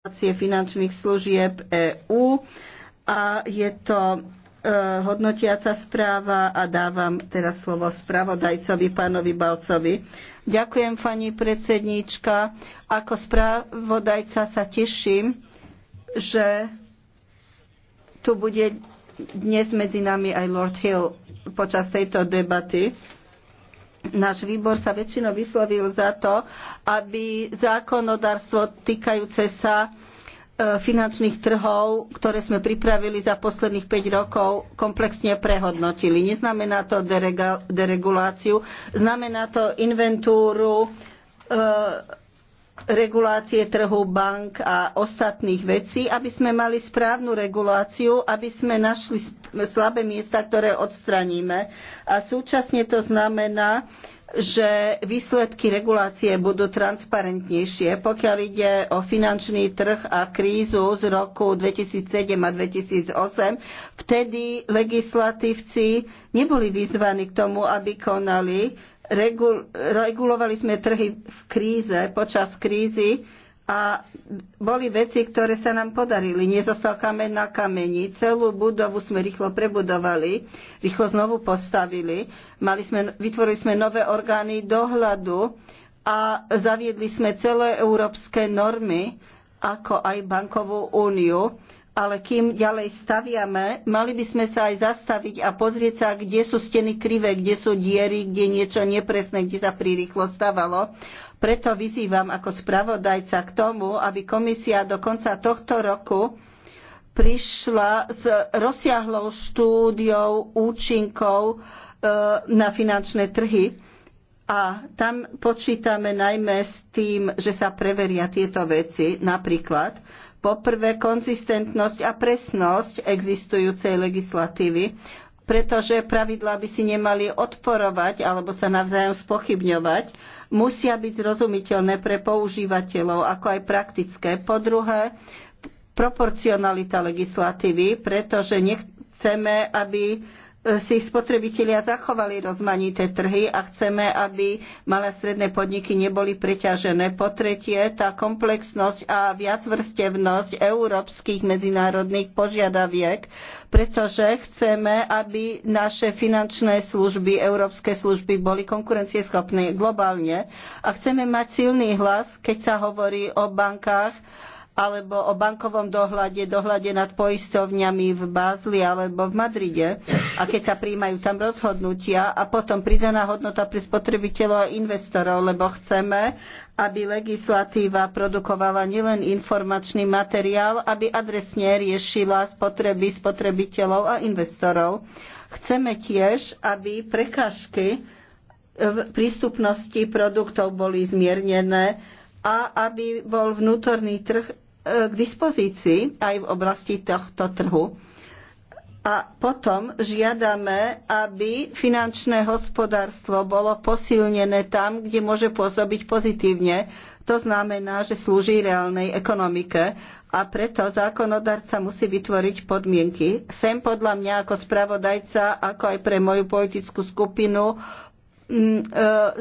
regulácie finančných služieb EÚ a je to e, hodnotiaca správa a dávam teraz slovo spravodajcovi pánovi Balcovi. Ďakujem, pani predsedníčka. Ako spravodajca sa teším, že tu bude dnes medzi nami aj Lord Hill počas tejto debaty. Náš výbor sa väčšinou vyslovil za to, aby zákonodárstvo týkajúce sa e, finančných trhov, ktoré sme pripravili za posledných 5 rokov, komplexne prehodnotili. Neznamená to dereguláciu, znamená to inventúru e, regulácie trhu bank a ostatných vecí, aby sme mali správnu reguláciu, aby sme našli slabé miesta, ktoré odstraníme. A súčasne to znamená, že výsledky regulácie budú transparentnejšie. Pokiaľ ide o finančný trh a krízu z roku 2007 a 2008, vtedy legislatívci neboli vyzvaní k tomu, aby konali regulovali sme trhy v kríze, počas krízy a boli veci, ktoré sa nám podarili. Nezostal kamen na kameni. Celú budovu sme rýchlo prebudovali, rýchlo znovu postavili. Mali sme, vytvorili sme nové orgány dohľadu a zaviedli sme celé európske normy, ako aj bankovú úniu ale kým ďalej staviame, mali by sme sa aj zastaviť a pozrieť sa, kde sú steny krivé, kde sú diery, kde niečo nepresné, kde sa prirýchlo stavalo. Preto vyzývam ako spravodajca k tomu, aby komisia do konca tohto roku prišla s rozsiahlou štúdiou účinkov e, na finančné trhy a tam počítame najmä s tým, že sa preveria tieto veci, napríklad Poprvé, konzistentnosť a presnosť existujúcej legislatívy, pretože pravidlá by si nemali odporovať alebo sa navzájom spochybňovať, musia byť zrozumiteľné pre používateľov, ako aj praktické. Po druhé, proporcionalita legislatívy, pretože nechceme, aby E, si spotrebitelia zachovali rozmanité trhy a chceme, aby malé a stredné podniky neboli preťažené. Po tretie, tá komplexnosť a viacvrstevnosť európskych medzinárodných požiadaviek, pretože chceme, aby naše finančné služby, európske služby boli konkurencieschopné globálne a chceme mať silný hlas, keď sa hovorí o bankách alebo o bankovom dohľade, dohľade nad poistovňami v Bázli alebo v Madride. A keď sa príjmajú tam rozhodnutia a potom pridaná hodnota pre spotrebiteľov a investorov, lebo chceme, aby legislatíva produkovala nielen informačný materiál, aby adresne riešila spotreby spotrebiteľov a investorov. Chceme tiež, aby prekážky v prístupnosti produktov boli zmiernené a aby bol vnútorný trh E, k dispozícii aj v oblasti tohto trhu. A potom žiadame, aby finančné hospodárstvo bolo posilnené tam, kde môže pôsobiť pozitívne. To znamená, že slúži reálnej ekonomike a preto zákonodarca musí vytvoriť podmienky. Sem podľa mňa ako spravodajca, ako aj pre moju politickú skupinu e,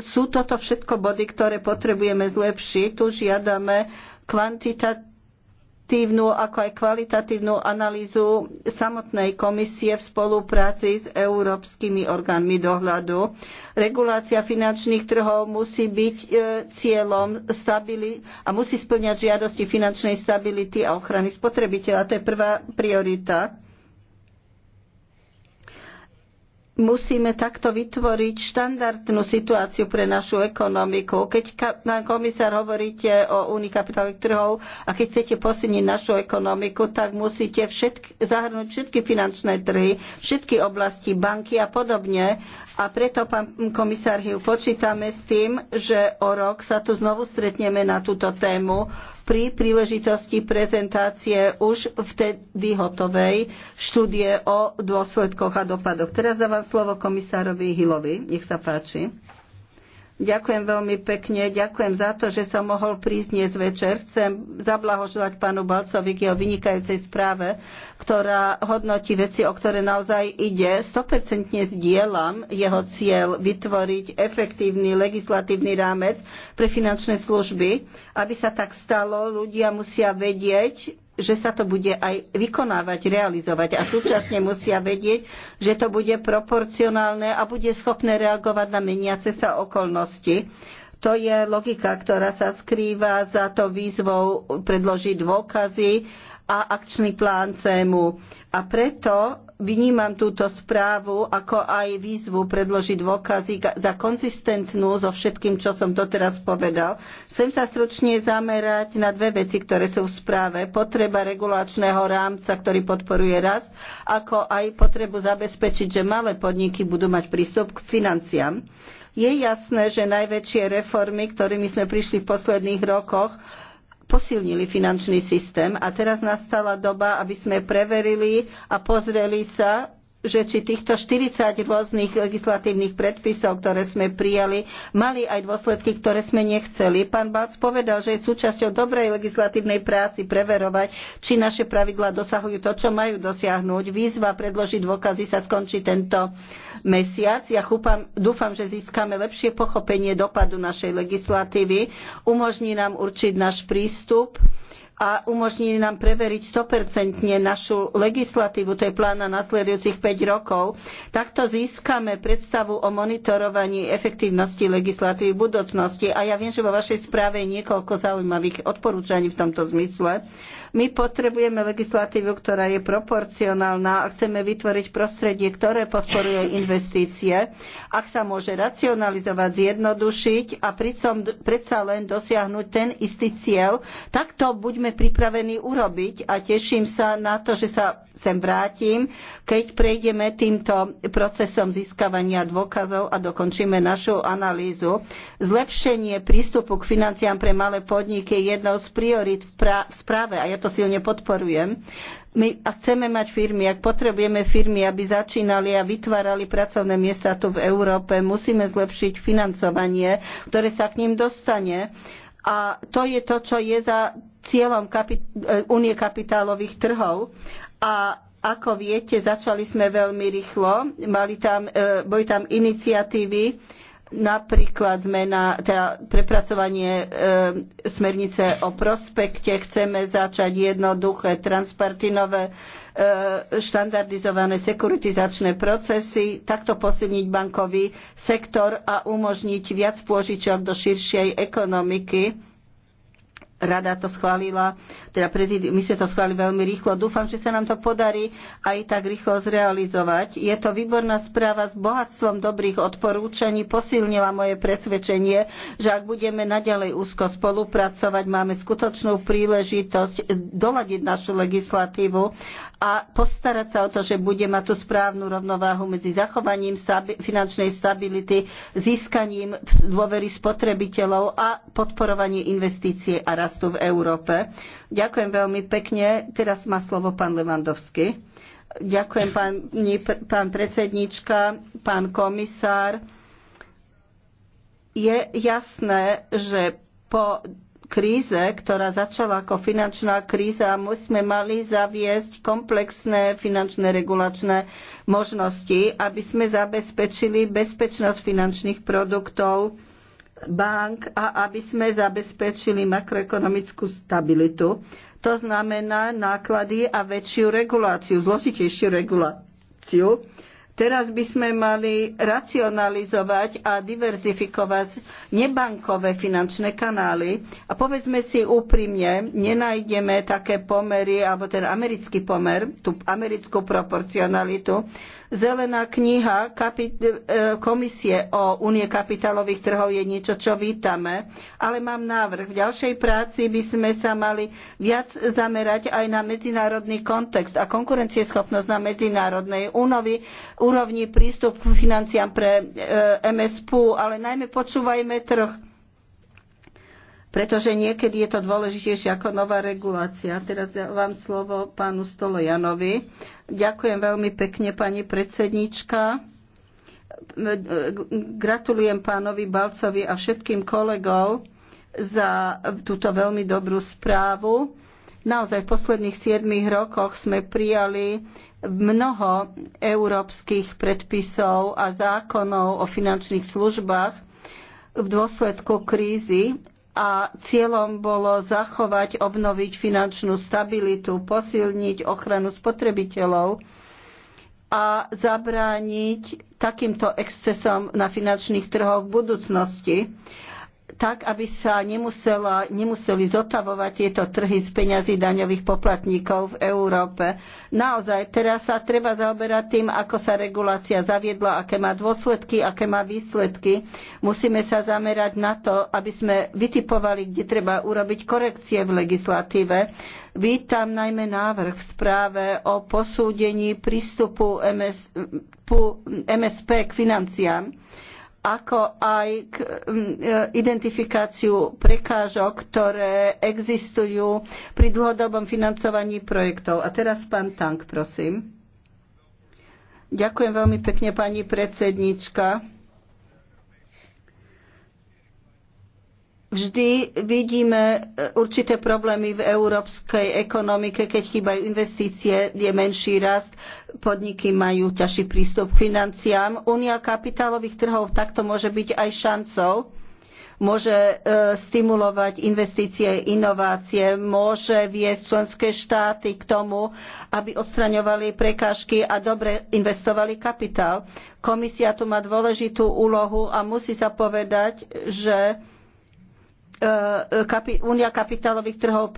sú toto všetko body, ktoré potrebujeme zlepšiť. Tu žiadame kvantita, kvantitívnu ako aj kvalitatívnu analýzu samotnej komisie v spolupráci s európskymi orgánmi dohľadu. Regulácia finančných trhov musí byť e, cieľom stabili- a musí splňať žiadosti finančnej stability a ochrany spotrebiteľa. To je prvá priorita. musíme takto vytvoriť štandardnú situáciu pre našu ekonomiku. Keď, pán komisár, hovoríte o únii kapitálových trhov a keď chcete posilniť našu ekonomiku, tak musíte všetky, zahrnúť všetky finančné trhy, všetky oblasti, banky a podobne. A preto, pán komisár Hill, počítame s tým, že o rok sa tu znovu stretneme na túto tému pri príležitosti prezentácie už vtedy hotovej štúdie o dôsledkoch a dopadoch. Teraz dávam slovo komisárovi Hillovi. Nech sa páči. Ďakujem veľmi pekne, ďakujem za to, že som mohol prísť dnes večer. Chcem zablahožovať pánu Balcovi k jeho vynikajúcej správe, ktorá hodnotí veci, o ktoré naozaj ide. 100% zdieľam jeho cieľ vytvoriť efektívny legislatívny rámec pre finančné služby. Aby sa tak stalo, ľudia musia vedieť, že sa to bude aj vykonávať, realizovať a súčasne musia vedieť, že to bude proporcionálne a bude schopné reagovať na meniace sa okolnosti. To je logika, ktorá sa skrýva za to výzvou predložiť dôkazy a akčný plán CEMU. A preto Vnímam túto správu ako aj výzvu predložiť dôkazy za konzistentnú so všetkým, čo som doteraz povedal. Chcem sa stručne zamerať na dve veci, ktoré sú v správe. Potreba regulačného rámca, ktorý podporuje rast, ako aj potrebu zabezpečiť, že malé podniky budú mať prístup k financiám. Je jasné, že najväčšie reformy, ktorými sme prišli v posledných rokoch, posilnili finančný systém a teraz nastala doba, aby sme preverili a pozreli sa, že či týchto 40 rôznych legislatívnych predpisov, ktoré sme prijali, mali aj dôsledky, ktoré sme nechceli. Pán Balc povedal, že je súčasťou dobrej legislatívnej práci preverovať, či naše pravidlá dosahujú to, čo majú dosiahnuť. Výzva predložiť dôkazy sa skončí tento mesiac. Ja chúpam, dúfam, že získame lepšie pochopenie dopadu našej legislatívy. Umožní nám určiť náš prístup a umožní nám preveriť 100% našu legislatívu, to je plán na nasledujúcich 5 rokov. Takto získame predstavu o monitorovaní efektívnosti legislatívy v budúcnosti. A ja viem, že vo vašej správe je niekoľko zaujímavých odporúčaní v tomto zmysle. My potrebujeme legislatívu, ktorá je proporcionálna a chceme vytvoriť prostredie, ktoré podporuje investície, ak sa môže racionalizovať, zjednodušiť a pricom, predsa len dosiahnuť ten istý cieľ, tak to buďme pripravení urobiť a teším sa na to, že sa sem vrátim, keď prejdeme týmto procesom získavania dôkazov a dokončíme našu analýzu. Zlepšenie prístupu k financiám pre malé podniky je jednou z priorit v, v správe a ja to silne podporujem. My, ak chceme mať firmy, ak potrebujeme firmy, aby začínali a vytvárali pracovné miesta tu v Európe, musíme zlepšiť financovanie, ktoré sa k ním dostane. A to je to, čo je za cieľom kapit- únie e, kapitálových trhov a ako viete, začali sme veľmi rýchlo. Mali tam, e, boli tam iniciatívy, napríklad na teda prepracovanie e, smernice o prospekte. Chceme začať jednoduché, transpartinové, e, štandardizované sekuritizačné procesy, takto posilniť bankový sektor a umožniť viac pôžičok do širšej ekonomiky rada to schválila, teda prezidium, my sme to schválili veľmi rýchlo. Dúfam, že sa nám to podarí aj tak rýchlo zrealizovať. Je to výborná správa s bohatstvom dobrých odporúčaní, posilnila moje presvedčenie, že ak budeme naďalej úzko spolupracovať, máme skutočnú príležitosť doladiť našu legislatívu a postarať sa o to, že bude mať tú správnu rovnováhu medzi zachovaním stabi- finančnej stability, získaním dôvery spotrebiteľov a podporovanie investície a rastu v Európe. Ďakujem veľmi pekne. Teraz má slovo pán Levandovský. Ďakujem pani, pán predsednička, pán komisár. Je jasné, že po kríze, ktorá začala ako finančná kríza my sme mali zaviesť komplexné finančné regulačné možnosti, aby sme zabezpečili bezpečnosť finančných produktov bank a aby sme zabezpečili makroekonomickú stabilitu. To znamená náklady a väčšiu reguláciu, zložitejšiu reguláciu. Teraz by sme mali racionalizovať a diverzifikovať nebankové finančné kanály. A povedzme si úprimne, nenájdeme také pomery, alebo ten americký pomer, tú americkú proporcionalitu, Zelená kniha e, Komisie o únie kapitálových trhov je niečo, čo vítame, ale mám návrh. V ďalšej práci by sme sa mali viac zamerať aj na medzinárodný kontext a konkurencieschopnosť na medzinárodnej únovi, úrovni prístup k financiám pre e, MSP, ale najmä počúvajme trh pretože niekedy je to dôležitejšie ako nová regulácia. Teraz dávam slovo pánu Stolojanovi. Ďakujem veľmi pekne, pani predsednička. Gratulujem pánovi Balcovi a všetkým kolegov za túto veľmi dobrú správu. Naozaj v posledných 7 rokoch sme prijali mnoho európskych predpisov a zákonov o finančných službách v dôsledku krízy a cieľom bolo zachovať, obnoviť finančnú stabilitu, posilniť ochranu spotrebiteľov a zabrániť takýmto excesom na finančných trhoch v budúcnosti tak, aby sa nemusela, nemuseli zotavovať tieto trhy z peňazí daňových poplatníkov v Európe. Naozaj, teraz sa treba zaoberať tým, ako sa regulácia zaviedla, aké má dôsledky, aké má výsledky. Musíme sa zamerať na to, aby sme vytipovali, kde treba urobiť korekcie v legislatíve. Vítam najmä návrh v správe o posúdení prístupu MS, MSP k financiám ako aj k e, identifikáciu prekážok, ktoré existujú pri dlhodobom financovaní projektov. A teraz pán Tank, prosím. Ďakujem veľmi pekne, pani predsednička. Vždy vidíme e, určité problémy v európskej ekonomike, keď chýbajú investície, je menší rast, podniky majú ťažší prístup k financiám. Únia kapitálových trhov takto môže byť aj šancou, môže e, stimulovať investície, inovácie, môže viesť členské štáty k tomu, aby odstraňovali prekážky a dobre investovali kapitál. Komisia tu má dôležitú úlohu a musí sa povedať, že Eh, Únia kapitálových trhov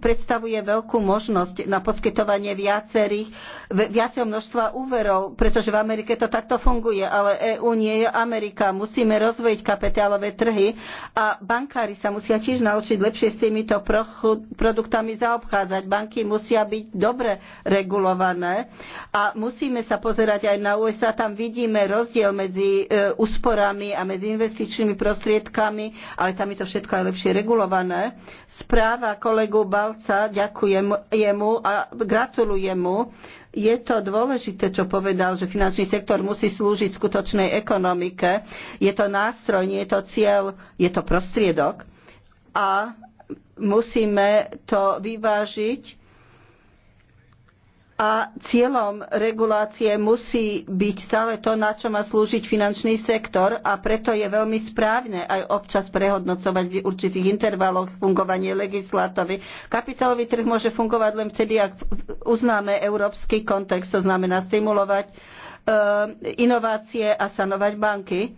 predstavuje veľkú možnosť na poskytovanie viacerých, viaceho množstva úverov, pretože v Amerike to takto funguje, ale EÚ nie je Amerika. Musíme rozvojiť kapitálové trhy a bankári sa musia tiež naučiť lepšie s týmito produktami zaobchádzať. Banky musia byť dobre regulované a musíme sa pozerať aj na USA. Tam vidíme rozdiel medzi eh, úsporami a medzi investičnými prostriedkami, ale tam je to všetko aj najlepšie regulované. Správa kolegu Balca, ďakujem jemu a gratulujem mu. Je to dôležité, čo povedal, že finančný sektor musí slúžiť skutočnej ekonomike. Je to nástroj, nie je to cieľ, je to prostriedok. A musíme to vyvážiť a cieľom regulácie musí byť stále to, na čo má slúžiť finančný sektor a preto je veľmi správne aj občas prehodnocovať v určitých intervaloch fungovanie legislatívy. Kapitálový trh môže fungovať len vtedy, ak uznáme európsky kontext, to znamená stimulovať eh, inovácie a sanovať banky.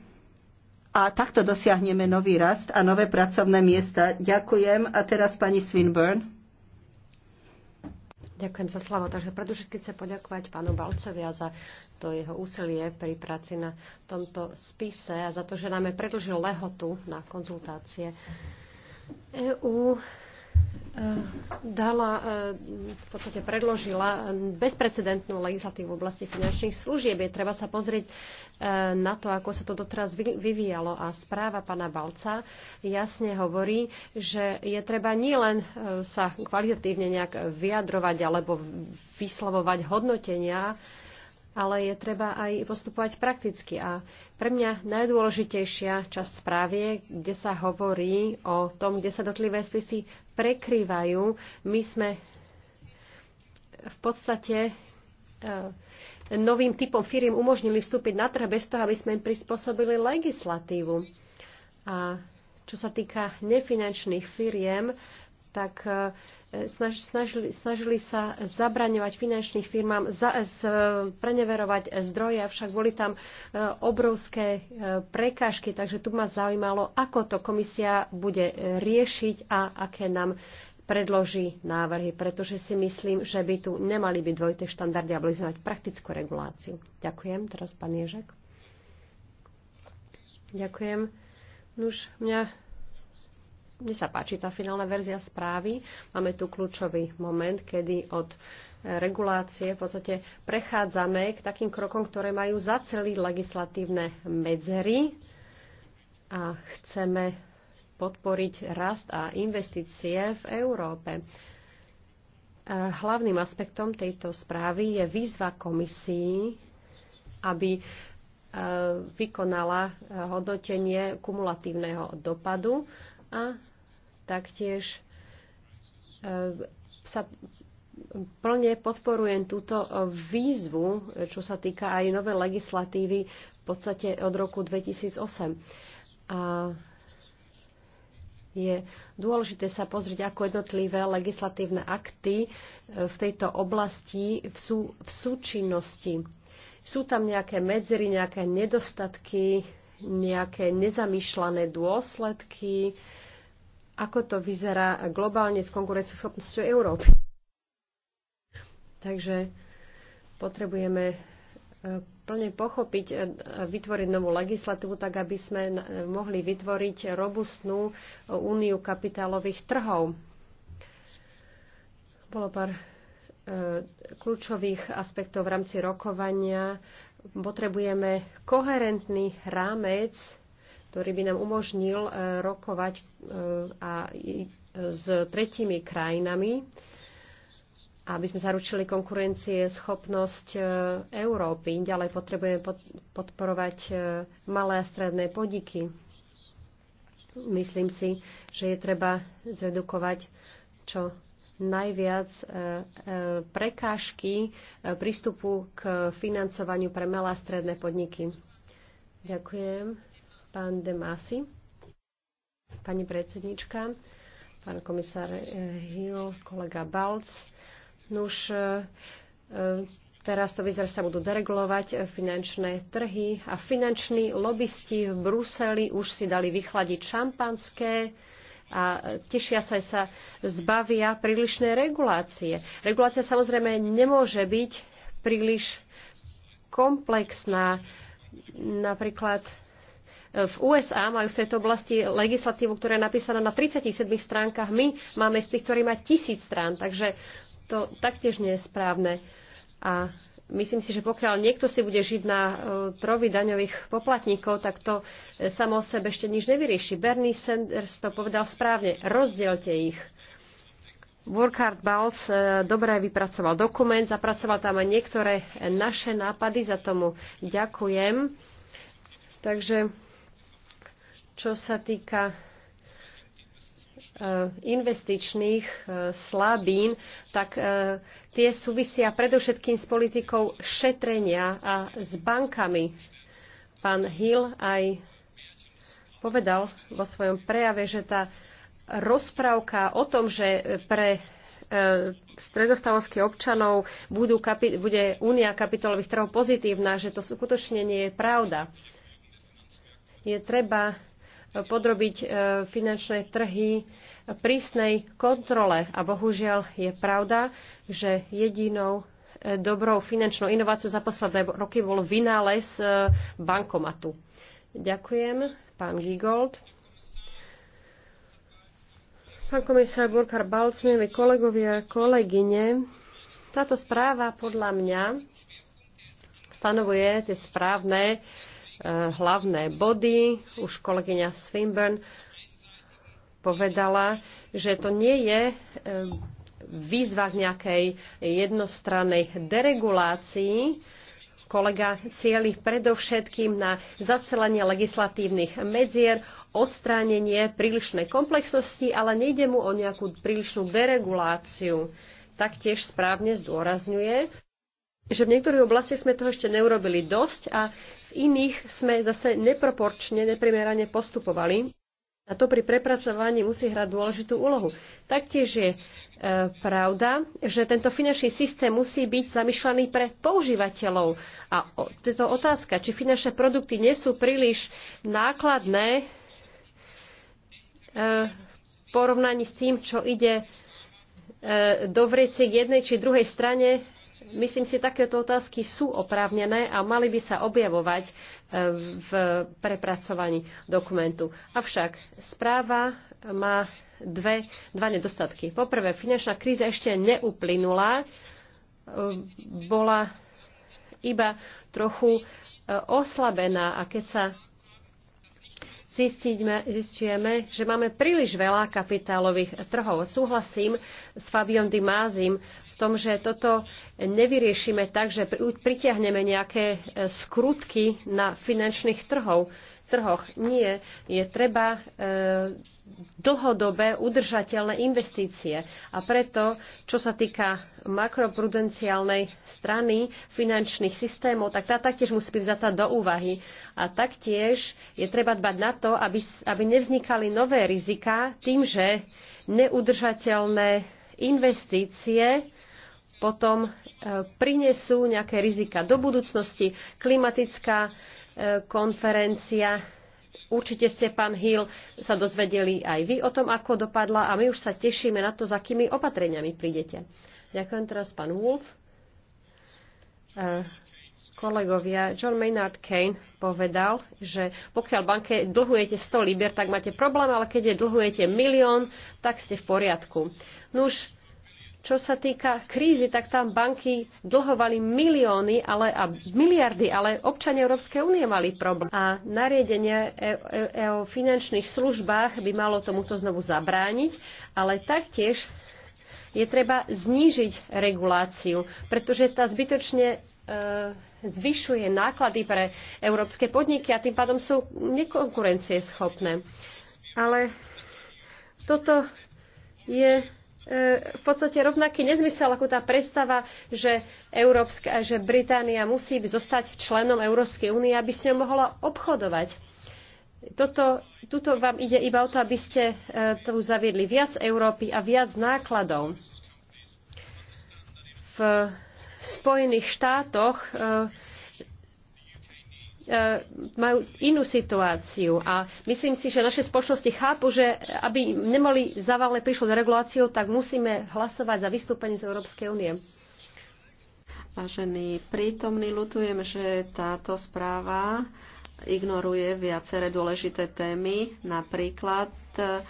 A takto dosiahneme nový rast a nové pracovné miesta. Ďakujem. A teraz pani Swinburne. Ďakujem za slovo. Takže predovšetkým chcem poďakovať pánu Balcovia za to jeho úsilie pri práci na tomto spise a za to, že nám predlžil lehotu na konzultácie. EU Eh, dala, eh, v podstate predložila bezprecedentnú legislatívu v oblasti finančných služieb. Je treba sa pozrieť eh, na to, ako sa to doteraz vyvíjalo. A správa pána Balca jasne hovorí, že je treba nielen sa kvalitatívne nejak vyjadrovať alebo vyslovovať hodnotenia, ale je treba aj postupovať prakticky. A pre mňa najdôležitejšia časť správy, kde sa hovorí o tom, kde sa dotlivé spisy prekrývajú. My sme v podstate e, novým typom firiem umožnili vstúpiť na trh bez toho, aby sme im prispôsobili legislatívu. A čo sa týka nefinančných firiem, tak e, snaž, snažili, snažili sa zabraňovať finančných firmám, za, z, e, preneverovať zdroje, avšak boli tam e, obrovské prekážky, takže tu ma zaujímalo, ako to komisia bude riešiť a aké nám predloží návrhy, pretože si myslím, že by tu nemali byť dvojité štandardy a boli praktickú reguláciu. Ďakujem. Teraz pán Ježek. Ďakujem. Nuž, mňa mne sa páči tá finálna verzia správy. Máme tu kľúčový moment, kedy od e, regulácie v podstate prechádzame k takým krokom, ktoré majú zaceliť legislatívne medzery a chceme podporiť rast a investície v Európe. E, hlavným aspektom tejto správy je výzva komisii, aby e, vykonala hodnotenie kumulatívneho dopadu a taktiež e, sa plne podporujem túto výzvu, čo sa týka aj novej legislatívy v podstate od roku 2008. A je dôležité sa pozrieť, ako jednotlivé legislatívne akty e, v tejto oblasti v, sú, v súčinnosti. Sú tam nejaké medzery, nejaké nedostatky, nejaké nezamýšľané dôsledky, ako to vyzerá globálne s konkurenceschopnosťou Európy. Takže potrebujeme e, plne pochopiť a vytvoriť novú legislatívu, tak aby sme e, mohli vytvoriť robustnú e, úniu kapitálových trhov. Bolo pár kľúčových aspektov v rámci rokovania. Potrebujeme koherentný rámec ktorý by nám umožnil e, rokovať e, a e, s tretími krajinami, aby sme zaručili konkurencie, schopnosť Európy. Ďalej potrebujeme podporovať malé a stredné podniky. Myslím si, že je treba zredukovať čo najviac prekážky prístupu k financovaniu pre malé a stredné podniky. Ďakujem. Pán Masi, pani predsednička, pán komisár eh, Hill, kolega Balc. Nuž, eh, eh, Teraz to vyzerá, sa budú deregulovať finančné trhy a finanční lobbysti v Bruseli už si dali vychladiť šampanské a tešia sa, sa zbavia prílišnej regulácie. Regulácia samozrejme nemôže byť príliš komplexná. Napríklad v USA majú v tejto oblasti legislatívu, ktorá je napísaná na 37 stránkach. My máme z tých, ktorý má tisíc strán, takže to taktiež nie je správne. A myslím si, že pokiaľ niekto si bude žiť na e, trovi daňových poplatníkov, tak to e, samo o sebe ešte nič nevyrieši. Bernie Sanders to povedal správne. Rozdielte ich. Burkhard Balc e, dobre vypracoval dokument, zapracoval tam aj niektoré naše nápady, za tomu ďakujem. Takže čo sa týka eh, investičných eh, slabín, tak eh, tie súvisia predovšetkým s politikou šetrenia a s bankami. Pán Hill aj povedal vo svojom prejave, že tá rozprávka o tom, že pre stredostavovských občanov budú, bude únia kapitálových trhov pozitívna, že to skutočne nie je pravda. Je treba podrobiť e, finančné trhy prísnej kontrole. A bohužiaľ je pravda, že jedinou e, dobrou finančnou inováciou za posledné roky bol vynález e, bankomatu. Ďakujem, pán Gigold. Pán komisár Burkar Balc, milí kolegovia, kolegyne, táto správa podľa mňa stanovuje tie správne uh, hlavné body. Už kolegyňa Swinburne povedala, že to nie je e, výzva k nejakej jednostrannej deregulácii. Kolega cieli predovšetkým na zacelenie legislatívnych medzier, odstránenie prílišnej komplexnosti, ale nejde mu o nejakú prílišnú dereguláciu. Taktiež správne zdôrazňuje, že v niektorých oblastiach sme toho ešte neurobili dosť a v iných sme zase neproporčne, neprimerane postupovali. A to pri prepracovaní musí hrať dôležitú úlohu. Taktiež je e, pravda, že tento finančný systém musí byť zamýšľaný pre používateľov. A je tieto otázka, či finančné produkty nie sú príliš nákladné e, v porovnaní s tým, čo ide e, si k jednej či druhej strane Myslím si, takéto otázky sú oprávnené a mali by sa objavovať e, v prepracovaní dokumentu. Avšak správa má dve, dva nedostatky. Poprvé, finančná kríza ešte neuplynula, e, bola iba trochu e, oslabená a keď sa zistíme, zistujeme, že máme príliš veľa kapitálových trhov. Súhlasím s Fabiom Dimázim v tom, že toto nevyriešime tak, že pritiahneme nejaké e, skrutky na finančných trhov, trhoch. Nie, je treba e, dlhodobé udržateľné investície. A preto, čo sa týka makroprudenciálnej strany finančných systémov, tak tá taktiež musí byť vzatá do úvahy. A taktiež je treba dbať na to, aby, aby nevznikali nové rizika tým, že neudržateľné investície potom e, prinesú nejaké rizika do budúcnosti. Klimatická e, konferencia, určite ste, pán Hill, sa dozvedeli aj vy o tom, ako dopadla a my už sa tešíme na to, za akými opatreniami prídete. Ďakujem teraz, pán Wolf. E, kolegovia, John Maynard Kane povedal, že pokiaľ banke dlhujete 100 liber, tak máte problém, ale keď je dlhujete milión, tak ste v poriadku. Nuž, čo sa týka krízy, tak tam banky dlhovali milióny ale, a miliardy, ale občania Európskej únie mali problém. A nariadenie e, e, e, o finančných službách by malo tomuto znovu zabrániť, ale taktiež je treba znížiť reguláciu, pretože tá zbytočne e, zvyšuje náklady pre európske podniky a tým pádom sú nekonkurencieschopné. Ale toto je E, v podstate rovnaký nezmysel ako tá predstava, že, Európska, že Británia musí zostať členom Európskej únie, aby s ňou mohla obchodovať. Toto, tuto vám ide iba o to, aby ste e, tu zaviedli viac Európy a viac nákladov. V Spojených štátoch e, E, majú inú situáciu a myslím si, že naše spoločnosti chápu, že aby nemali zavale prišlo do reguláciou, tak musíme hlasovať za vystúpenie z Európskej únie. Vážení prítomní, lutujem, že táto správa ignoruje viaceré dôležité témy, napríklad e,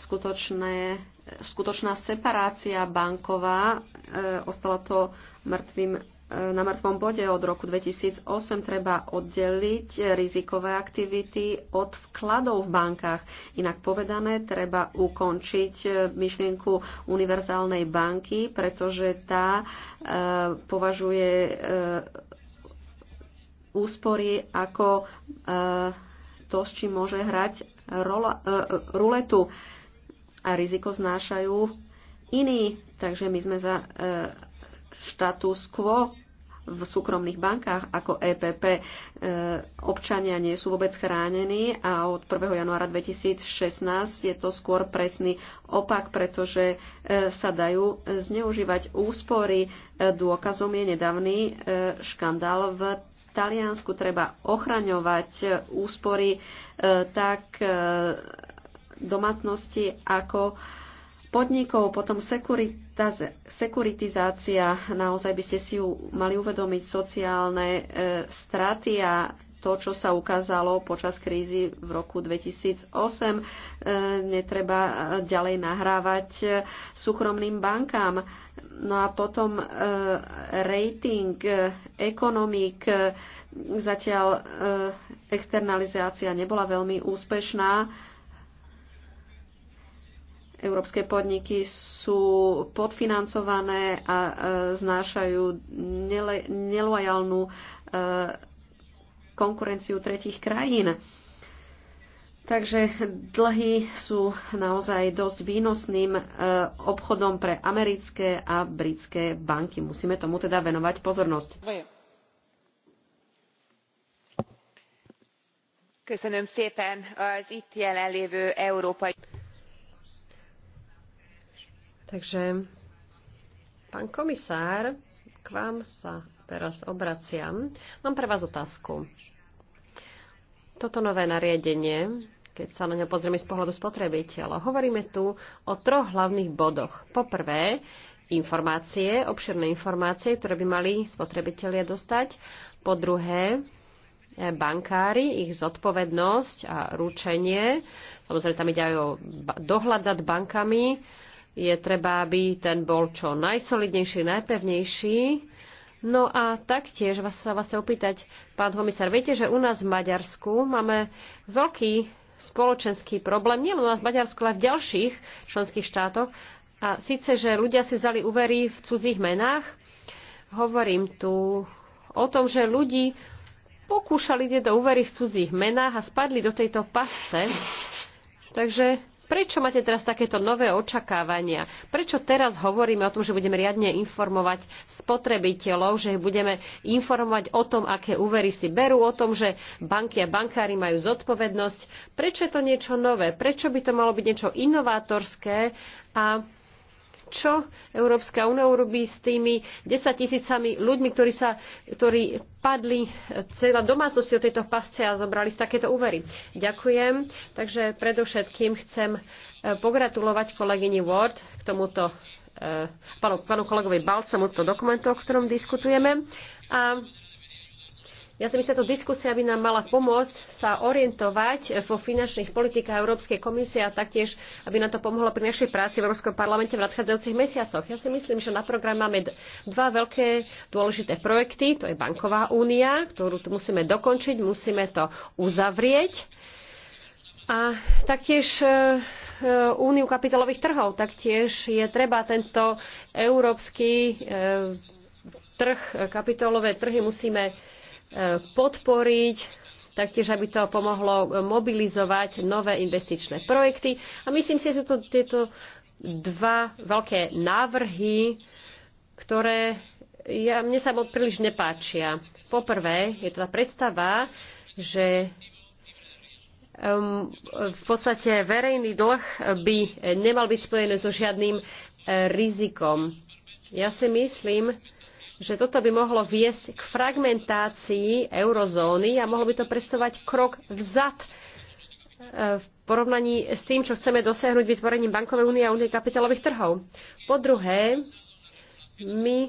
skutočné, e, skutočná separácia banková. E, ostala to mŕtvým E, na mŕtvom bode od roku 2008 treba oddeliť rizikové aktivity od vkladov v bankách. Inak povedané, treba ukončiť e, myšlienku univerzálnej banky, pretože tá e, považuje úspory ako to, s čím môže hrať ruletu a riziko znášajú iní. Takže my sme za status quo v súkromných bankách ako EPP e, občania nie sú vôbec chránení a od 1. januára 2016 je to skôr presný opak, pretože e, sa dajú zneužívať úspory. E, dôkazom je nedávny e, škandál v Taliansku. Treba ochraňovať e, úspory e, tak e, domácnosti ako e, podnikov, potom sekuritizácia, naozaj by ste si ju mali uvedomiť, sociálne e, straty a to, čo sa ukázalo počas krízy v roku 2008, e, netreba ďalej nahrávať e, súkromným bankám. No a potom e, rating e, ekonomík, e, zatiaľ e, externalizácia nebola veľmi úspešná Európske podniky sú podfinancované a e, znášajú nelojalnú e, konkurenciu tretich krajín. Takže dlhy sú naozaj dosť výnosným e, obchodom pre americké a britské banky. Musíme tomu teda venovať pozornosť. Köszönöm szépen az itt jelenlévő európai Takže, pán komisár, k vám sa teraz obraciam. Mám pre vás otázku. Toto nové nariadenie, keď sa na ňo pozrieme z pohľadu spotrebiteľa, hovoríme tu o troch hlavných bodoch. Poprvé, informácie, obširné informácie, ktoré by mali spotrebitelia dostať. Po druhé, bankári, ich zodpovednosť a ručenie. Samozrejme, tam ide aj o dohľad nad bankami je treba, aby ten bol čo najsolidnejší, najpevnejší. No a taktiež vás sa vás opýtať, pán komisár, viete, že u nás v Maďarsku máme veľký spoločenský problém, nielen u nás v Maďarsku, ale v ďalších členských štátoch. A síce, že ľudia si vzali úvery v cudzích menách, hovorím tu o tom, že ľudí pokúšali tieto úvery v cudzích menách a spadli do tejto pasce. Takže Prečo máte teraz takéto nové očakávania? Prečo teraz hovoríme o tom, že budeme riadne informovať spotrebiteľov, že budeme informovať o tom, aké úvery si berú, o tom, že banky a bankári majú zodpovednosť? Prečo je to niečo nové? Prečo by to malo byť niečo inovátorské? A čo Európska únia urobí s tými 10 tisícami ľuďmi, ktorí, sa, ktorí padli celá domácnosti od tejto pasce a zobrali z takéto úvery. Ďakujem. Takže predovšetkým chcem e, pogratulovať kolegyni Ward k tomuto e, pánu, pánu kolegovi Balcemu, to dokumentu, o ktorom diskutujeme. A ja si myslím, že táto diskusia by nám mala pomôcť sa orientovať vo finančných politikách Európskej komisie a taktiež, aby nám to pomohlo pri našej práci v Európskom parlamente v nadchádzajúcich mesiacoch. Ja si myslím, že na program máme dva veľké dôležité projekty. To je Banková únia, ktorú tu musíme dokončiť, musíme to uzavrieť. A taktiež e, e, úniu kapitálových trhov. Taktiež je treba tento európsky e, trh, kapitálové trhy musíme E, podporiť taktiež aby to pomohlo mobilizovať nové investičné projekty. A myslím si, že sú to tieto dva veľké návrhy, ktoré ja, mne sa príliš nepáčia. Poprvé je to tá predstava, že um, v podstate verejný dlh by nemal byť spojený so žiadnym uh, rizikom. Ja si myslím, že toto by mohlo viesť k fragmentácii eurozóny a mohlo by to predstavovať krok vzad eh, v porovnaní s tým, čo chceme dosiahnuť vytvorením bankovej únie a únie kapitálových trhov. Po druhé, my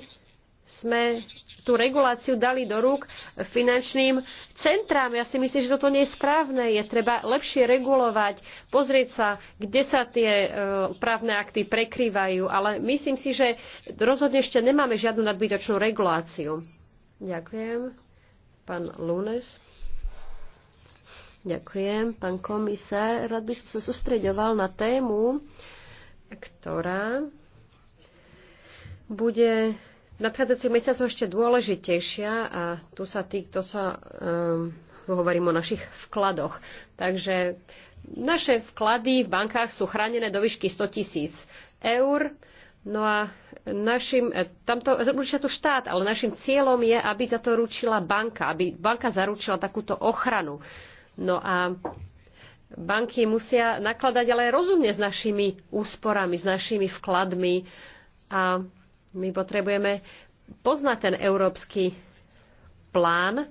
sme tú reguláciu dali do rúk finančným centrám. Ja si myslím, že toto nie je správne. Je treba lepšie regulovať, pozrieť sa, kde sa tie e, právne akty prekrývajú. Ale myslím si, že rozhodne ešte nemáme žiadnu nadbytočnú reguláciu. Ďakujem. Pán Lunes. Ďakujem, pán komisár. Rád by som sa sústreďoval na tému, ktorá bude nadchádzajúcich mesiacov ešte dôležitejšia a tu sa tí, kto sa um, tu hovorím o našich vkladoch. Takže naše vklady v bankách sú chránené do výšky 100 tisíc eur. No a našim, e, tamto, ručia tu štát, ale našim cieľom je, aby za to ručila banka, aby banka zaručila takúto ochranu. No a banky musia nakladať ale rozumne s našimi úsporami, s našimi vkladmi a my potrebujeme poznať ten európsky plán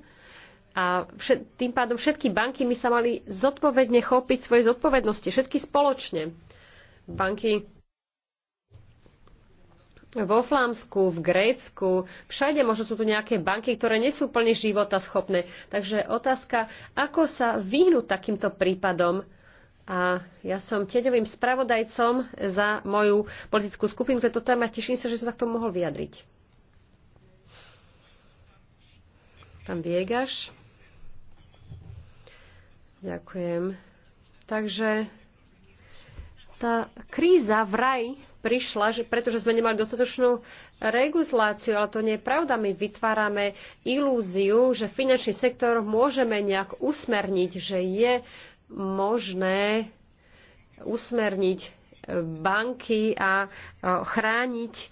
a všet, tým pádom všetky banky by sa mali zodpovedne chopiť svoje zodpovednosti, všetky spoločne. Banky vo Flámsku, v Grécku, všade možno sú tu nejaké banky, ktoré nie sú plne života schopné. Takže otázka, ako sa vyhnúť takýmto prípadom, a ja som tieňovým spravodajcom za moju politickú skupinu tejto téma. Teším sa, že som sa k tomu mohol vyjadriť. Pán Viegaš. Ďakujem. Takže tá kríza v raj prišla, že, pretože sme nemali dostatočnú reguláciu, ale to nie je pravda. My vytvárame ilúziu, že finančný sektor môžeme nejak usmerniť, že je možné usmerniť banky a chrániť e,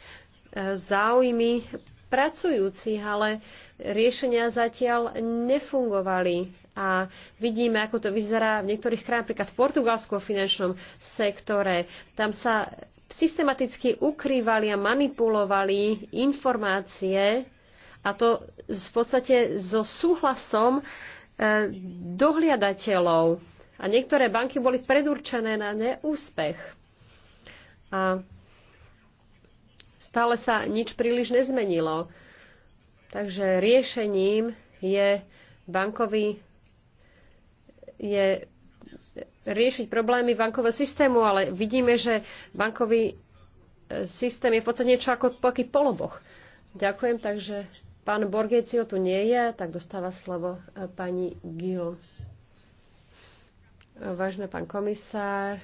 záujmy pracujúcich, ale riešenia zatiaľ nefungovali. A vidíme, ako to vyzerá v niektorých krajinách, napríklad v portugalskom finančnom sektore. Tam sa systematicky ukrývali a manipulovali informácie a to v podstate so súhlasom e, dohliadateľov a niektoré banky boli predurčené na neúspech. A stále sa nič príliš nezmenilo. Takže riešením je bankový je riešiť problémy bankového systému, ale vidíme, že bankový e, systém je v podstate niečo ako taký poloboch. Ďakujem, takže pán Borgecio tu nie je, tak dostáva slovo e, pani Gil. Vážený pán komisár,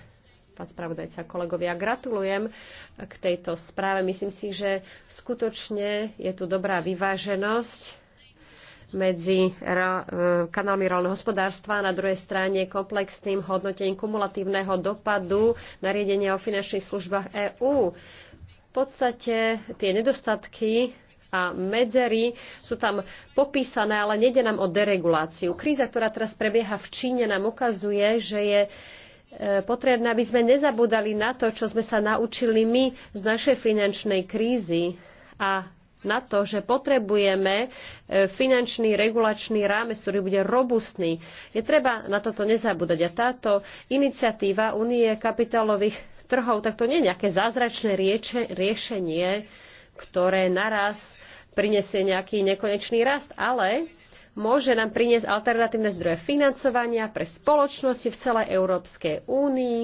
pán spravodajca, kolegovia, gratulujem k tejto správe. Myslím si, že skutočne je tu dobrá vyváženosť medzi e, kanálmi rolného hospodárstva a na druhej strane komplexným hodnotením kumulatívneho dopadu nariadenia o finančných službách EÚ. V podstate tie nedostatky a medzery sú tam popísané, ale nejde nám o dereguláciu. Kríza, ktorá teraz prebieha v Číne, nám ukazuje, že je e, potrebné, aby sme nezabudali na to, čo sme sa naučili my z našej finančnej krízy a na to, že potrebujeme e, finančný regulačný rámec, ktorý bude robustný. Je treba na toto nezabúdať. A táto iniciatíva Unie kapitálových trhov, tak to nie je nejaké zázračné rieče, riešenie, ktoré naraz prinesie nejaký nekonečný rast, ale môže nám priniesť alternatívne zdroje financovania pre spoločnosti v celej Európskej únii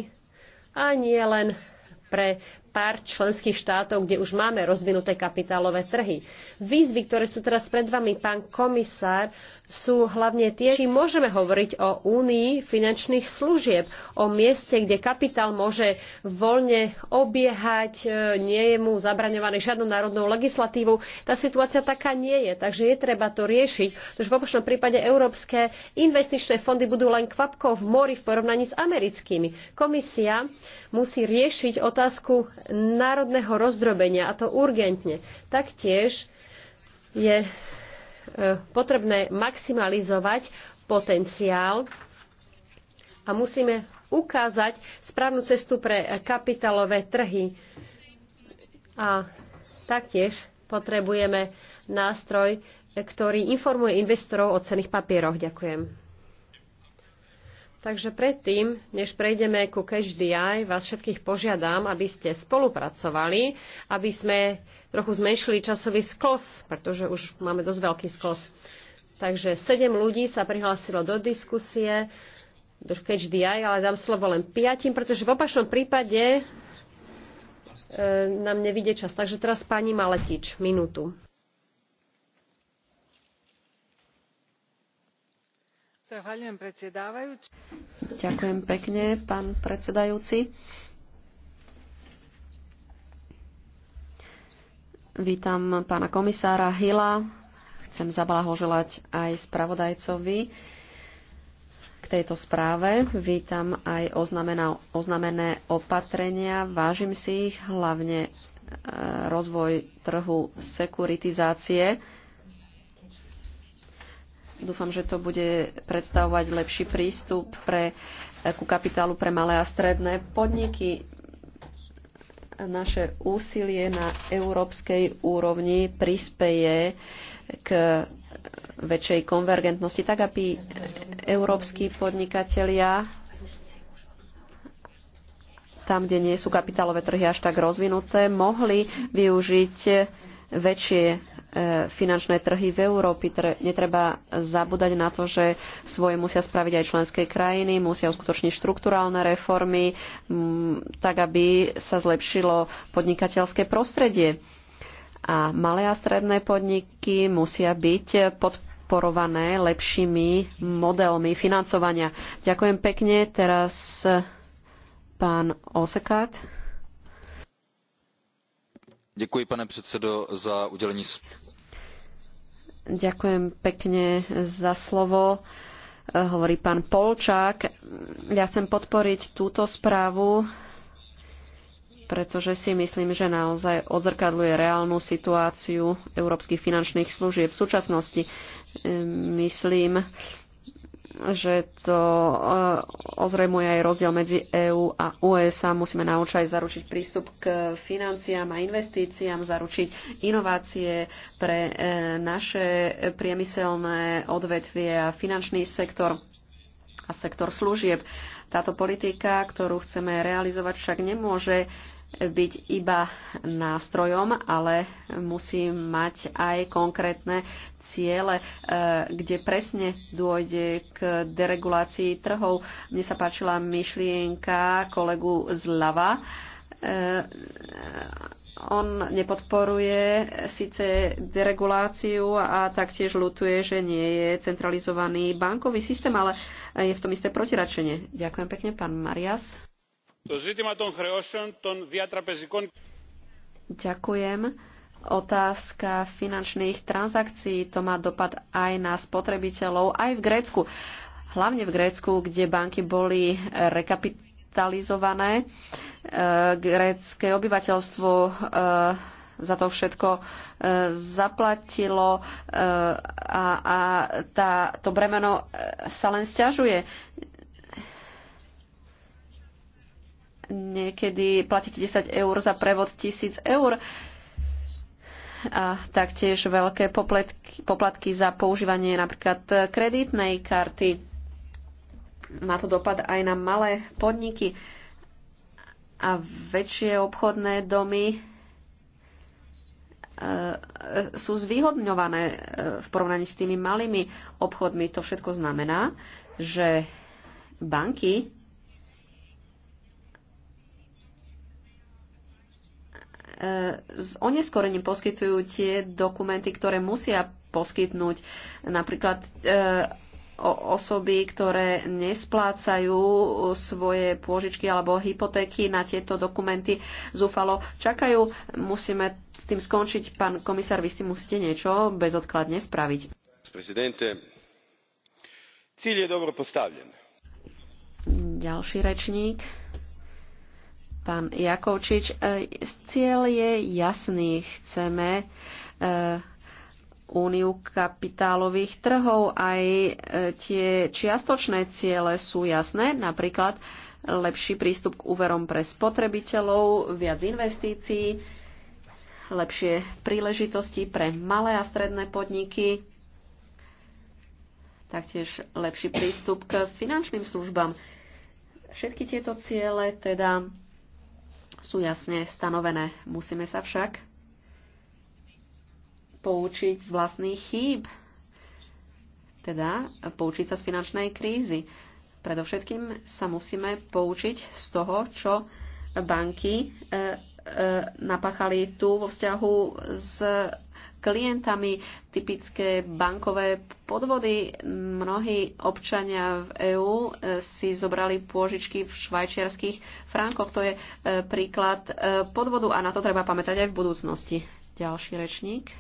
a nie len pre pár členských štátov, kde už máme rozvinuté kapitálové trhy. Výzvy, ktoré sú teraz pred vami, pán komisár, sú hlavne tie, či môžeme hovoriť o únii finančných služieb, o mieste, kde kapitál môže voľne obiehať, e, nie je mu zabraňovaný žiadnou národnou legislatívou. Tá situácia taká nie je, takže je treba to riešiť. v opačnom prípade európske investičné fondy budú len kvapkou v mori v porovnaní s americkými. Komisia musí riešiť otázku národného rozdrobenia, a to urgentne. Taktiež je e, potrebné maximalizovať potenciál a musíme ukázať správnu cestu pre kapitálové trhy. A taktiež potrebujeme nástroj, ktorý informuje investorov o cených papieroch. Ďakujem. Takže predtým, než prejdeme ku Catch the Eye, vás všetkých požiadam, aby ste spolupracovali, aby sme trochu zmenšili časový sklos, pretože už máme dosť veľký sklos. Takže sedem ľudí sa prihlásilo do diskusie, do Catch the Eye, ale dám slovo len piatim, pretože v opačnom prípade e, nám nevidie čas. Takže teraz pani Maletič, minútu. Ďakujem pekne, pán predsedajúci. Vítam pána komisára Hilla. Chcem zablahoželať aj spravodajcovi k tejto správe. Vítam aj oznamené opatrenia. Vážim si ich, hlavne e, rozvoj trhu sekuritizácie Dúfam, že to bude predstavovať lepší prístup pre, eh, ku kapitálu pre malé a stredné podniky. Naše úsilie na európskej úrovni prispeje k väčšej konvergentnosti, tak aby európsky podnikatelia tam, kde nie sú kapitálové trhy až tak rozvinuté, mohli využiť väčšie E, finančné trhy v Európe. Netreba zabúdať na to, že svoje musia spraviť aj členské krajiny, musia uskutočniť štruktúrálne reformy, tak aby sa zlepšilo podnikateľské prostredie. A malé a stredné podniky musia byť podporované lepšími modelmi financovania. Ďakujem pekne. Teraz pán Osekát. Děkuji, pane předsedo, za udělení Ďakujem pekne za slovo, eh, hovorí pán Polčák. Ja chcem podporiť túto správu, pretože si myslím, že naozaj odzrkadluje reálnu situáciu európskych finančných služieb v súčasnosti. Ehm, myslím, že to eh, ozrejmuje aj rozdiel medzi EÚ a USA. Musíme naučiť zaručiť prístup k financiám a investíciám, zaručiť inovácie pre eh, naše priemyselné odvetvie a finančný sektor a sektor služieb. Táto politika, ktorú chceme realizovať, však nemôže byť iba nástrojom, ale musí mať aj konkrétne ciele, e, kde presne dôjde k deregulácii trhov. Mne sa páčila myšlienka kolegu Zlava. E, on nepodporuje síce dereguláciu a taktiež lutuje, že nie je centralizovaný bankový systém, ale je v tom isté protiračenie. Ďakujem pekne, pán Marias. Ďakujem. Otázka finančných transakcií, to má dopad aj na spotrebiteľov, aj v Grécku. Hlavne v Grécku, kde banky boli eh, rekapitalizované. Eh, Grécké obyvateľstvo eh, za to všetko zaplatilo a, a tá, to bremeno sa len stiažuje niekedy platíte 10 eur za prevod 1000 eur a taktiež veľké poplatky, poplatky za používanie napríklad kreditnej karty. Má to dopad aj na malé podniky a väčšie obchodné domy e, sú zvýhodňované e, v porovnaní s tými malými obchodmi. To všetko znamená, že banky E, s oneskorením poskytujú tie dokumenty, ktoré musia poskytnúť. Napríklad e, o osoby, ktoré nesplácajú svoje pôžičky alebo hypotéky na tieto dokumenty zúfalo čakajú. Musíme s tým skončiť. Pán komisár, vy si musíte niečo bezodkladne spraviť. cíl je dobro postavlen. Ďalší rečník pán Jakovčič. E, cieľ je jasný. Chceme e, úniu kapitálových trhov. Aj e, tie čiastočné ciele sú jasné, napríklad lepší prístup k úverom pre spotrebiteľov, viac investícií, lepšie príležitosti pre malé a stredné podniky, taktiež lepší prístup k finančným službám. Všetky tieto ciele teda sú jasne stanovené. Musíme sa však poučiť z vlastných chýb, teda poučiť sa z finančnej krízy. Predovšetkým sa musíme poučiť z toho, čo banky eh, eh, napáchali tu vo vzťahu s klientami, typické bankové podvody. Mnohí občania v EÚ e, si zobrali pôžičky v švajčiarských frankoch. To je e, príklad e, podvodu a na to treba pamätať aj v budúcnosti. Ďalší rečník.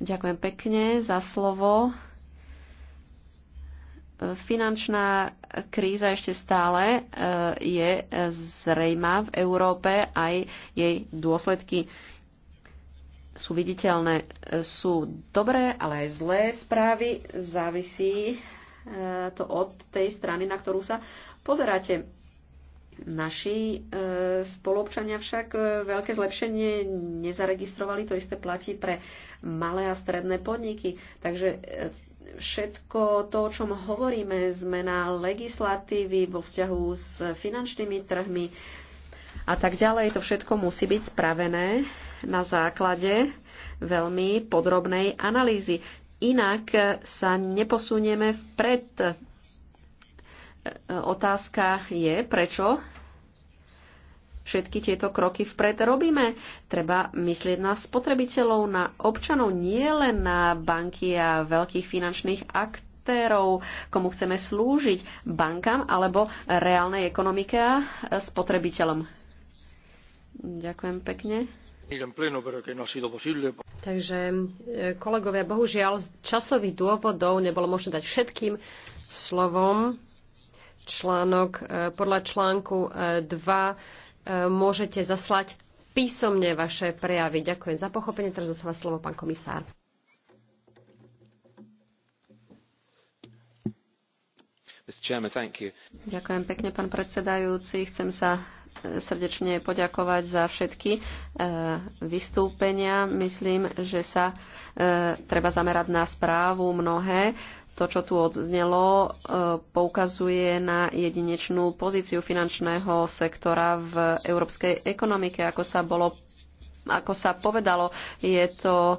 Ďakujem pekne za slovo. Finančná kríza ešte stále e, je zrejma v Európe, aj jej dôsledky sú viditeľné. Sú dobré, ale aj zlé správy. Závisí e, to od tej strany, na ktorú sa pozeráte. Naši e, spolupčania však veľké zlepšenie nezaregistrovali, to isté platí pre malé a stredné podniky. Takže všetko to, o čom hovoríme, zmena legislatívy vo vzťahu s finančnými trhmi a tak ďalej, to všetko musí byť spravené na základe veľmi podrobnej analýzy. Inak sa neposunieme vpred. Otázka je, prečo všetky tieto kroky vpred robíme. Treba myslieť na spotrebiteľov, na občanov, nie len na banky a veľkých finančných aktérov, komu chceme slúžiť, bankám alebo reálnej ekonomike a spotrebiteľom. Ďakujem pekne. Takže e, kolegovia, bohužiaľ z časových dôvodov nebolo možné dať všetkým slovom článok e, podľa článku 2 e, môžete zaslať písomne vaše prejavy. Ďakujem za pochopenie. Teraz dostáva slovo pán komisár. Ďakujem pekne, pán predsedajúci. Chcem sa e, srdečne poďakovať za všetky e, vystúpenia. Myslím, že sa e, treba zamerať na správu mnohé to, čo tu odznelo, e, poukazuje na jedinečnú pozíciu finančného sektora v európskej ekonomike, ako sa bolo ako sa povedalo, je to e,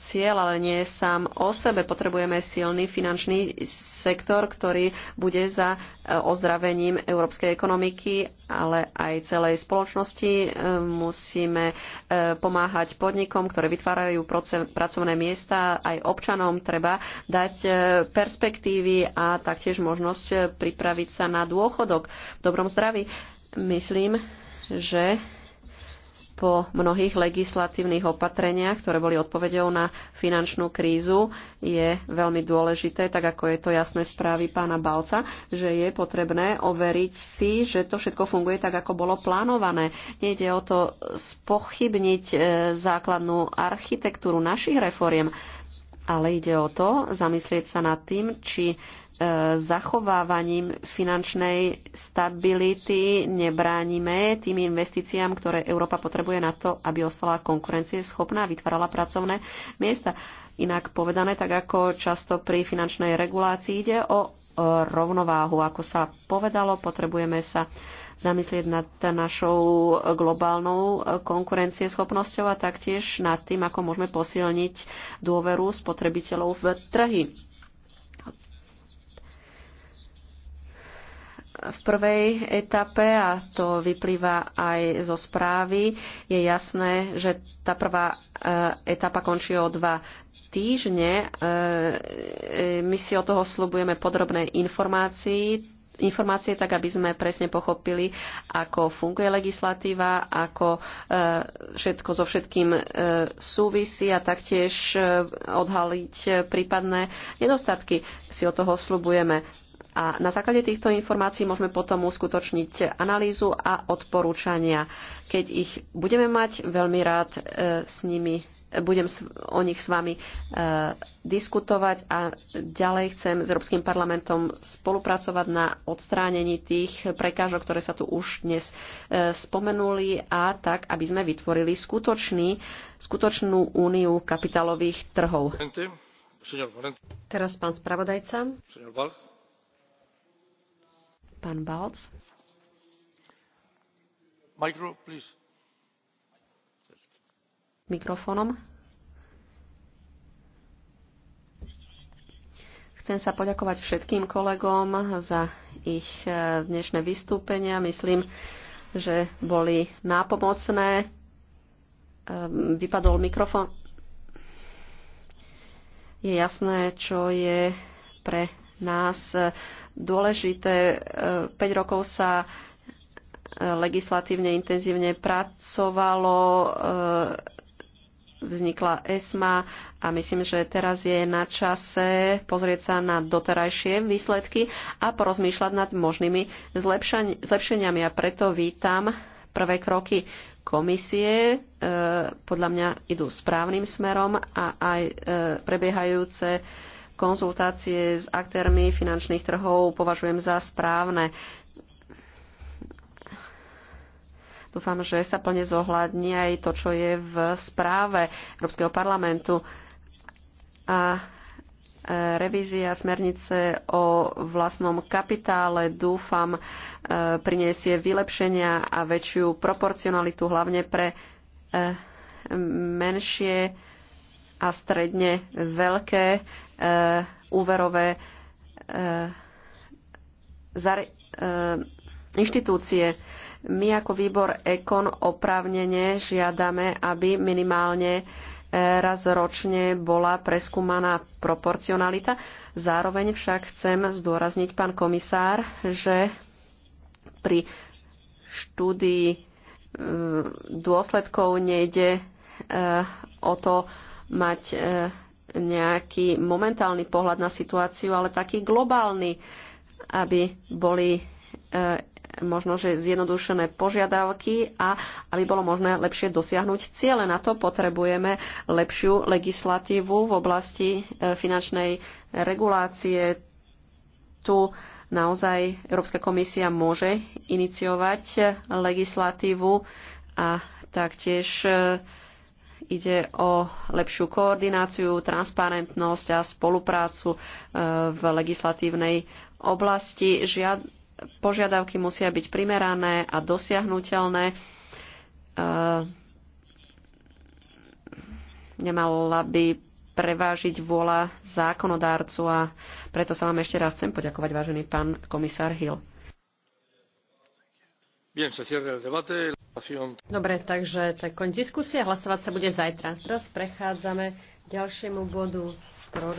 cieľ, ale nie sám o sebe. Potrebujeme silný finančný sektor, ktorý bude za e, ozdravením európskej ekonomiky, ale aj celej spoločnosti. E, musíme e, pomáhať podnikom, ktoré vytvárajú proce, pracovné miesta. Aj občanom treba dať e, perspektívy a taktiež možnosť e, pripraviť sa na dôchodok v dobrom zdraví. Myslím, že po mnohých legislatívnych opatreniach, ktoré boli odpovedou na finančnú krízu, je veľmi dôležité, tak ako je to jasné správy pána Balca, že je potrebné overiť si, že to všetko funguje tak, ako bolo plánované. Nejde o to spochybniť e, základnú architektúru našich reforiem, ale ide o to zamyslieť sa nad tým, či e, zachovávaním finančnej stability nebránime tým investíciám, ktoré Európa potrebuje na to, aby ostala konkurencieschopná a vytvárala pracovné miesta. Inak povedané, tak ako často pri finančnej regulácii ide o rovnováhu. Ako sa povedalo, potrebujeme sa zamyslieť nad našou globálnou konkurencieschopnosťou a taktiež nad tým, ako môžeme posilniť dôveru spotrebiteľov v trhy. v prvej etape, a to vyplýva aj zo správy, je jasné, že tá prvá e, etapa končí o dva týždne. E, e, my si od toho slubujeme podrobné informácie, informácie tak, aby sme presne pochopili, ako funguje legislatíva, ako e, všetko so všetkým súvisí a taktiež odhaliť prípadné nedostatky. Si od toho slubujeme. A na základe týchto informácií môžeme potom uskutočniť analýzu a odporúčania. Keď ich budeme mať, veľmi rád s nimi budem o nich s vami e, diskutovať a ďalej chcem s Európskym parlamentom spolupracovať na odstránení tých prekážok, ktoré sa tu už dnes e, spomenuli a tak, aby sme vytvorili skutočný, skutočnú úniu kapitálových trhov. Teraz pán spravodajca. Pán Balc. Micro, please mikrofónom. Chcem sa poďakovať všetkým kolegom za ich e, dnešné vystúpenia. Myslím, že boli nápomocné. E, vypadol mikrofón. Je jasné, čo je pre nás dôležité. 5 e, rokov sa legislatívne intenzívne pracovalo vznikla ESMA a myslím, že teraz je na čase pozrieť sa na doterajšie výsledky a porozmýšľať nad možnými zlepšeniami. A preto vítam prvé kroky komisie. E, podľa mňa idú správnym smerom a aj e, prebiehajúce konzultácie s aktérmi finančných trhov považujem za správne Dúfam, že sa plne zohľadní aj to, čo je v správe Európskeho parlamentu. A e, revízia smernice o vlastnom kapitále dúfam e, priniesie vylepšenia a väčšiu proporcionalitu hlavne pre e, menšie a stredne veľké úverové inštitúcie. My ako výbor EKON oprávnene žiadame, aby minimálne e, raz ročne bola preskúmaná proporcionalita. Zároveň však chcem zdôrazniť, pán komisár, že pri štúdii e, dôsledkov nejde e, o to mať nejaký momentálny pohľad na situáciu, ale taký globálny, aby boli možno, že zjednodušené požiadavky a aby bolo možné lepšie dosiahnuť ciele. Na to potrebujeme lepšiu legislatívu v oblasti e, finančnej regulácie. Tu naozaj Európska komisia môže iniciovať e, legislatívu a taktiež e, ide o lepšiu koordináciu, transparentnosť a spoluprácu v legislatívnej oblasti. Žiad, Požiadavky musia byť primerané a dosiahnutelné. E, nemala by prevážiť vôľa zákonodárcu a preto sa vám ešte raz chcem poďakovať, vážený pán komisár Hill. Dobre, takže tak konč diskusia. Hlasovať sa bude zajtra. Teraz prechádzame k ďalšiemu bodu programu.